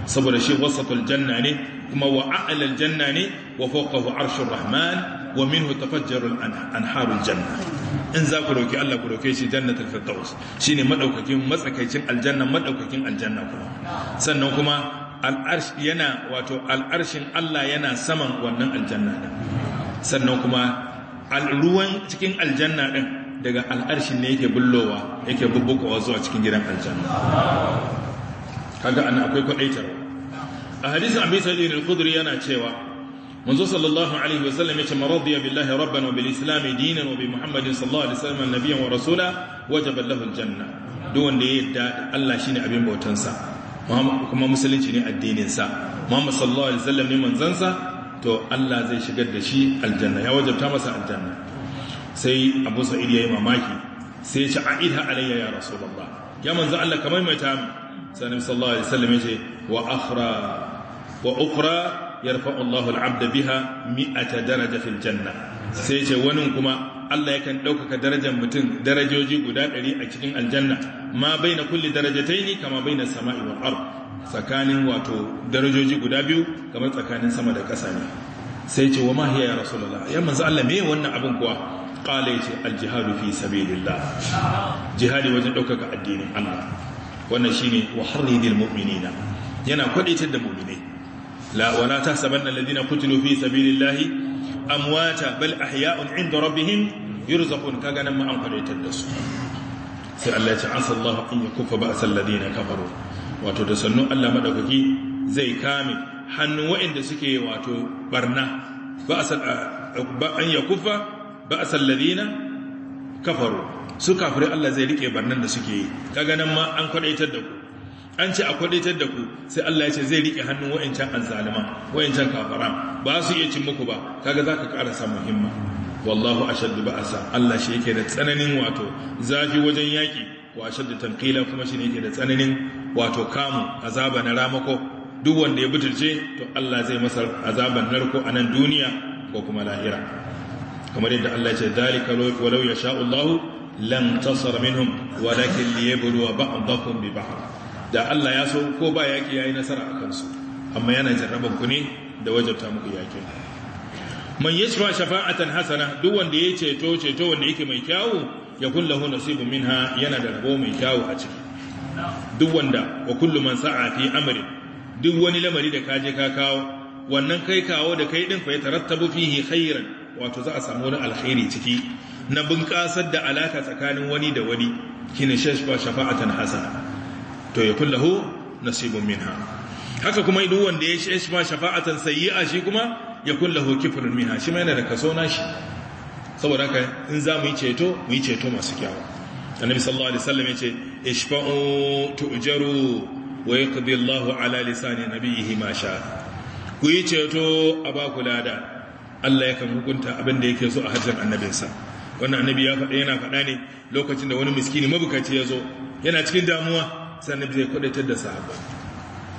saboda shi wasatul janna ne kuma wa a'la janna ne wa fawqahu arshur rahman wa minhu tafajjaru al-anharul janna in za ku roki Allah ku roke shi jannatul firdaus shine madaukakin matsakaicin aljanna madaukakin aljanna kuma sannan kuma al'arsh yana wato al'arshin Allah yana saman wannan aljanna din sannan kuma alruwan cikin aljanna din daga al'arshin ne yake bullowa yake bubbukowa zuwa cikin gidan aljanna kaga an akwai kwadaitar a hadisin abi sa'id al-khudri yana cewa manzo sallallahu alaihi wa wasallam yace maradiya billahi rabban wa bil islam dinan wa bi muhammadin sallallahu alaihi wasallam nabiyyan wa rasula wajaba lahu al-janna duk wanda ya yarda Allah shine abin bautansa kuma musulunci ne addinin sa muhammad sallallahu alaihi wasallam ne manzansa to Allah zai shigar da shi aljanna ya wajabta masa aljanna sai abu sa'id ya yi mamaki sai ya ce a'idha alayya ya rasu babba. ya manzo Allah kamar mai ta sanin sallallahu alaihi wasallam ce wa akhra wa ukhra yarfa'u Allahu al-'abda biha mi'ata daraja fil janna sai ce wani kuma Allah ya kan ɗaukaka darajar mutum darajoji guda ɗari a cikin aljanna ma bai na kulli darajataini kama bai na sama'i wal ardh tsakanin wato darajoji guda biyu kamar tsakanin sama da ƙasa ne sai ce wa ma hiya ya rasulullah ya manzo Allah me wannan abin kuwa qala yace al-jihadu fi sabilillah jihadi wajen ɗaukaka addinin Allah wannan shine wa harridil mu'minina yana kwadaitar da mu'minai la wala tahsabanna ladina qutilu fi sabilillah amwata bal ahya'un 'inda rabbihim yurzaqun kaga nan ma an kwadaitar da su sai Allah ya ce asallahu an yakufa ba'sal ladina wato da sannu Allah maɗaukaki zai kame hannu wa'inda suke wato barna ba an kufa. ba'sal ladina kafaru su kafirai Allah zai rike barnan da suke yi kaga nan ma an kwadaitar da ku an ce a kwadaitar da ku sai Allah ya ce zai rike hannun wayancan azzalima wayancan kafara ba su iya cin muku ba kaga zaka karasa muhimma wallahu ashaddu ba'sa Allah shi yake da tsananin wato zafi wajen yaki wa ashaddu tanqila kuma shi ne yake da tsananin wato kamu azaba na ramako duk wanda ya butulce to Allah zai masa azaban narko a nan duniya ko kuma lahira kamar yadda Allah ce dalika walau ya sha'ullahu lam tasar minhum walakin liyabluwa ba'dakum bi ba'd da Allah ya so ko ba yaki yayi nasara akan su amma yana jarraban ku ne da wajabta muku yaki man yashfa shafa'atan hasana duk wanda ya ceto ceto wanda yake mai kyawu ya kullahu nasibun minha yana da rabo mai kyawu a ciki duk wanda wa kullu man sa'a fi amri duk wani lamari da kaje ka kawo wannan kai kawo da kai din fa ya tarattabu fihi khairan wato za a samu wani alkhairi ciki na bunƙasar da alaka tsakanin wani da wani kina shashfa shafa'atan hasana to ya kullahu nasibun minha haka kuma idan wanda ya shashfa shafa'atan sayyi'a shi kuma ya kullahu kifrun minha shi ma yana da kaso nashi saboda haka in za mu yi ceto mu yi ceto masu kyawu annabi sallallahu alaihi wasallam yace ishfa'u tu'jaru wa yaqdi Allahu ala lisani nabiyhi ma sha ku yi ceto a ba ku lada Allah ya kan hukunta abin da yake so a hajjar annabinsa wannan annabi ya faɗa yana faɗa ne lokacin da wani miskini mabukaci ya zo yana cikin damuwa sai annabi zai kwadatar da sahabba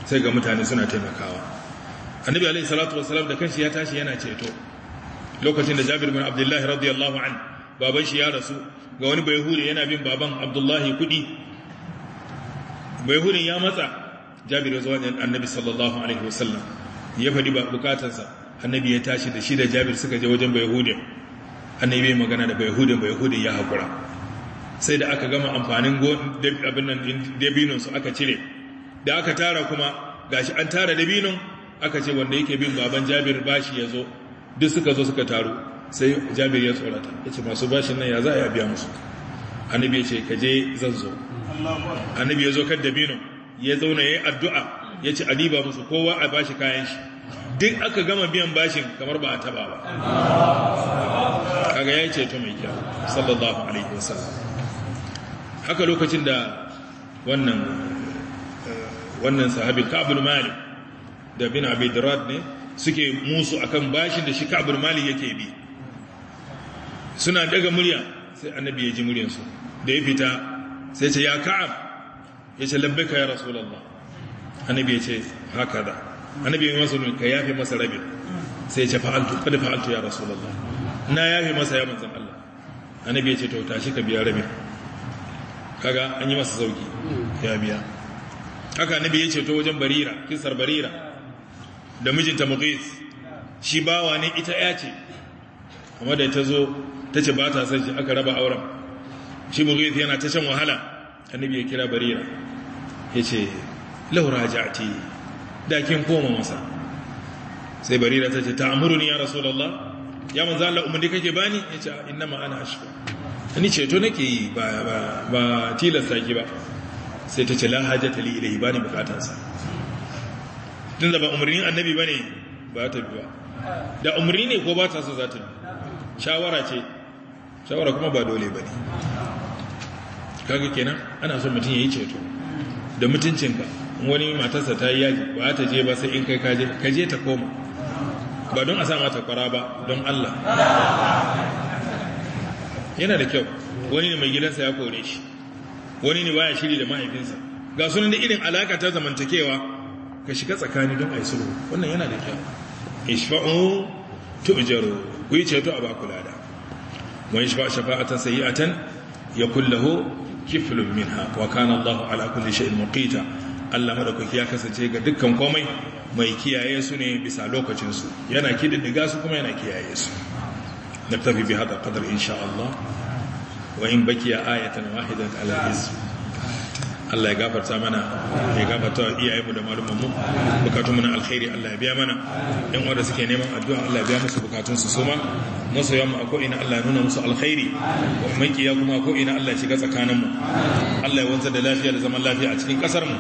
sai ga mutane suna taimakawa annabi alaihi salatu wasalam da kanshi ya tashi yana ceto lokacin da jabir bin abdullahi radiyallahu an baban shi ya rasu ga wani bayahudi yana bin baban abdullahi kudi bayahudin ya matsa jabir ya zo wajen annabi sallallahu alaihi wasallam ya faɗi bukatarsa annabi ya tashi da shi da jabir suka je wajen bayahudin annabi ya magana da bayahudin bayahudin ya haƙura sai da aka gama amfanin dabinon su aka cire da aka tara kuma gashi an tara dabinon aka ce wanda yake bin baban jabir bashi ya zo duk suka zo suka taru sai jabir ya tsorata ya ce masu bashin nan ya za a yi biya musu annabi ya ce ka je zan zo annabi ya zo kan dabinon ya zauna ya yi addu'a ya ce a musu kowa a bashi kayan shi duk aka gama biyan bashin kamar ba a taba ba kaga ya yi ceto mai kyau sallallahu alaihi wasallam haka lokacin da wannan eh, wannan sahabi Ka'bul mali da bin Abi ne suke musu akan bashin da shi Ka'bul mali yake bi suna daga murya sai annabi ya ji muryarsu da ya fita sai ce ya Ka'ab ya ce labbaika ya rasulullah annabi ya ce haka da annabi ya masa ka yafe masa rabin sai ya ce fa'altu kada fa'altu ya rasulullah na yafe masa ya manzan Allah annabi ya ce to tashi ka biya rabin kaga an yi masa sauki ya biya haka annabi ya ce to wajen barira kisar barira da mijinta muqis. shi bawa ne ita ya ce amma da ta zo ta ce ba ta san shi aka raba auren shi muqis yana ta shan wahala annabi ya kira barira ya ce lau raja'ati da kin koma masa sai barira ta ce ta ni ya rasulallah ya manzo Allah umarni kake bani ya ce inna ma ana ashfa ni to nake yi ba ba ba tilasta ki ba sai ta ce la hajata li ilayhi bani bukatansa tun da ba umarni annabi bane ba ta biwa da umarni ne ko ba ta so za ta shawara ce shawara kuma ba dole bane kaga kenan ana so mutun yayi ceto da mutuncinka wani matarsa ta yi yaji ba ta je ba sai in kai kaje kaje ta koma ba don a sa mata kwara ba don Allah yana da kyau wani ne mai gidansa ya kore shi wani ne baya shiri da mahaifinsa ga sunan da irin alaka ta zamantakewa ka shiga tsakani don a yi sulhu wannan yana da kyau ishfa'u tu'jaru ku yi ceto a baku lada wa ishfa shafa'atan sayyi'atan yakul lahu kiflun minha wa kana ala kulli shay'in muqita Allah madaukaki ya kasance ga dukkan komai mai kiyaye su ne bisa lokacin su yana kididdiga su kuma yana kiyaye su naktafi bi hada qadar insha Allah wa in bakiya ayatan wahidatan ala al Allah ya gafarta mana ya gafarta wa iyayenmu da malumanmu bukatun na alkhairi Allah ya biya mana yan wanda suke neman addu'a Allah ya biya musu bukatun su suma musu mu akwai ina Allah nuna musu alkhairi wa makiya kuma akwai ina Allah ya shiga tsakanin mu Allah ya wanzar da lafiya da zaman lafiya a cikin kasar mu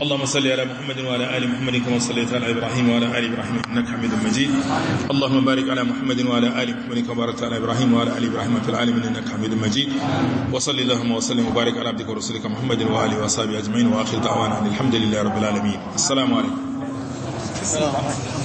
اللهم صل على محمد وعلى ال محمد كما صليت على ابراهيم وعلى ال ابراهيم انك حميد مجيد اللهم بارك على محمد وعلى ال محمد كما باركت على ابراهيم وعلى ال ابراهيم في العالمين انك حميد مجيد وصل اللهم وسلم وبارك على عبدك ورسولك محمد واله وصحبه اجمعين واخر دعوانا الحمد لله رب العالمين السلام عليكم السلام عليكم